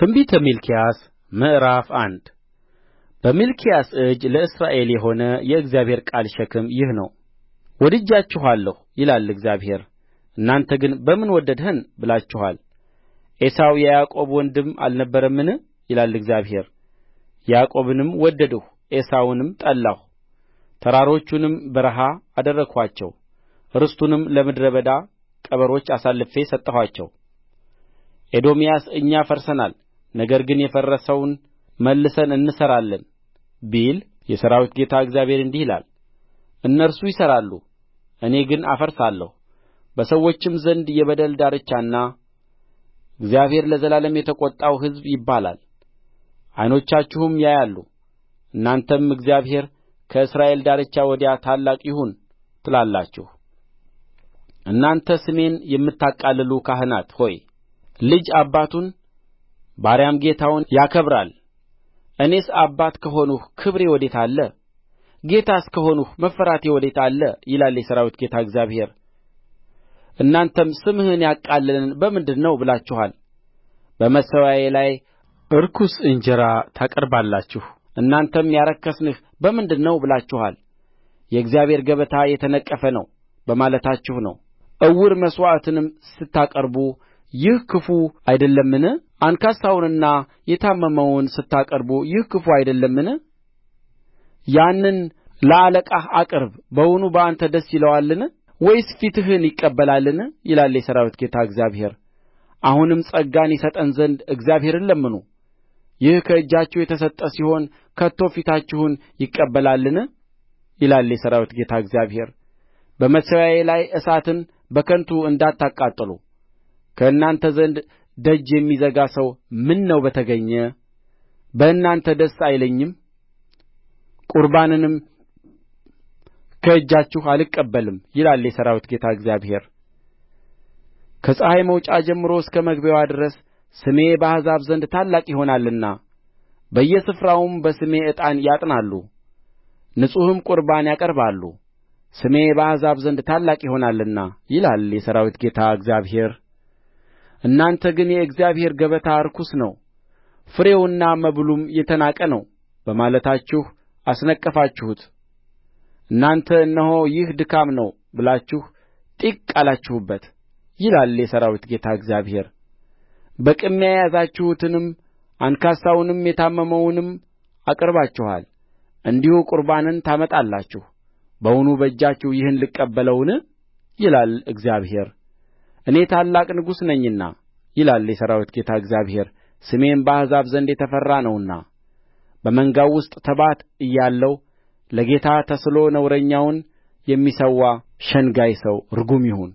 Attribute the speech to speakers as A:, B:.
A: ትንቢተ ሚልክያስ ምዕራፍ አንድ በሚልክያስ እጅ ለእስራኤል የሆነ የእግዚአብሔር ቃል ሸክም ይህ ነው ወድጃችኋለሁ ይላል እግዚአብሔር እናንተ ግን በምን ወደድኸን ብላችኋል ዔሳው የያዕቆብ ወንድም አልነበረምን ይላል እግዚአብሔር ያዕቆብንም ወደድሁ ዔሳውንም ጠላሁ ተራሮቹንም በረሃ አደረግኋቸው ርስቱንም ለምድረ በዳ ቀበሮች አሳልፌ ሰጠኋቸው ኤዶምያስ እኛ ፈርሰናል ነገር ግን የፈረሰውን መልሰን እንሠራለን ቢል የሠራዊት ጌታ እግዚአብሔር እንዲህ ይላል እነርሱ ይሠራሉ እኔ ግን አፈርሳለሁ በሰዎችም ዘንድ የበደል ዳርቻና እግዚአብሔር ለዘላለም የተቈጣው ሕዝብ ይባላል ዓይኖቻችሁም ያያሉ እናንተም እግዚአብሔር ከእስራኤል ዳርቻ ወዲያ ታላቅ ይሁን ትላላችሁ እናንተ ስሜን የምታቃልሉ ካህናት ሆይ ልጅ አባቱን ባሪያም ጌታውን ያከብራል እኔስ አባት ከሆንሁ ክብሬ ወዴት አለ ጌታስ ከሆንሁ መፈራቴ ወዴት አለ ይላል የሠራዊት ጌታ እግዚአብሔር እናንተም ስምህን ያቃለልን በምንድር ነው ብላችኋል በመሠዊያዬ ላይ ርኩስ እንጀራ ታቀርባላችሁ እናንተም ያረከስንህ በምንድር ነው ብላችኋል የእግዚአብሔር ገበታ የተነቀፈ ነው በማለታችሁ ነው ዕውር መሥዋዕትንም ስታቀርቡ ይህ ክፉ አይደለምን አንካሳውንና የታመመውን ስታቀርቡ ይህ ክፉ አይደለምን ያንን ለአለቃህ አቅርብ በውኑ በአንተ ደስ ይለዋልን ወይስ ፊትህን ይቀበላልን ይላል የሠራዊት ጌታ እግዚአብሔር አሁንም ጸጋን ይሰጠን ዘንድ እግዚአብሔርን ለምኑ ይህ ከእጃችሁ የተሰጠ ሲሆን ከቶ ፊታችሁን ይቀበላልን ይላል የሠራዊት ጌታ እግዚአብሔር በመሠዊያዬ ላይ እሳትን በከንቱ እንዳታቃጥሉ ከእናንተ ዘንድ ደጅ የሚዘጋ ሰው ምነው በተገኘ በእናንተ ደስ አይለኝም ቍርባንንም ከእጃችሁ አልቀበልም ይላል የሠራዊት ጌታ እግዚአብሔር ከፀሐይ መውጫ ጀምሮ እስከ መግቢያዋ ድረስ ስሜ በአሕዛብ ዘንድ ታላቅ ይሆናልና በየስፍራውም በስሜ ዕጣን ያጥናሉ ንጹሕም ቍርባን ያቀርባሉ ስሜ በአሕዛብ ዘንድ ታላቅ ይሆናልና ይላል የሠራዊት ጌታ እግዚአብሔር እናንተ ግን የእግዚአብሔር ገበታ ርኩስ ነው ፍሬውና መብሉም የተናቀ ነው በማለታችሁ አስነቀፋችሁት እናንተ እነሆ ይህ ድካም ነው ብላችሁ ጢቅ አላችሁበት ይላል የሠራዊት ጌታ እግዚአብሔር በቅሚያ የያዛችሁትንም አንካሳውንም የታመመውንም አቅርባችኋል እንዲሁ ቍርባንን ታመጣላችሁ በውኑ በእጃችሁ ይህን ልቀበለውን ይላል እግዚአብሔር እኔ ታላቅ ንጉሥ ነኝና ይላል የሠራዊት ጌታ እግዚአብሔር ስሜም በአሕዛብ ዘንድ የተፈራ ነውና በመንጋው ውስጥ ተባት እያለው ለጌታ ተስሎ ነውረኛውን የሚሠዋ ሸንጋይ ሰው ርጉም ይሁን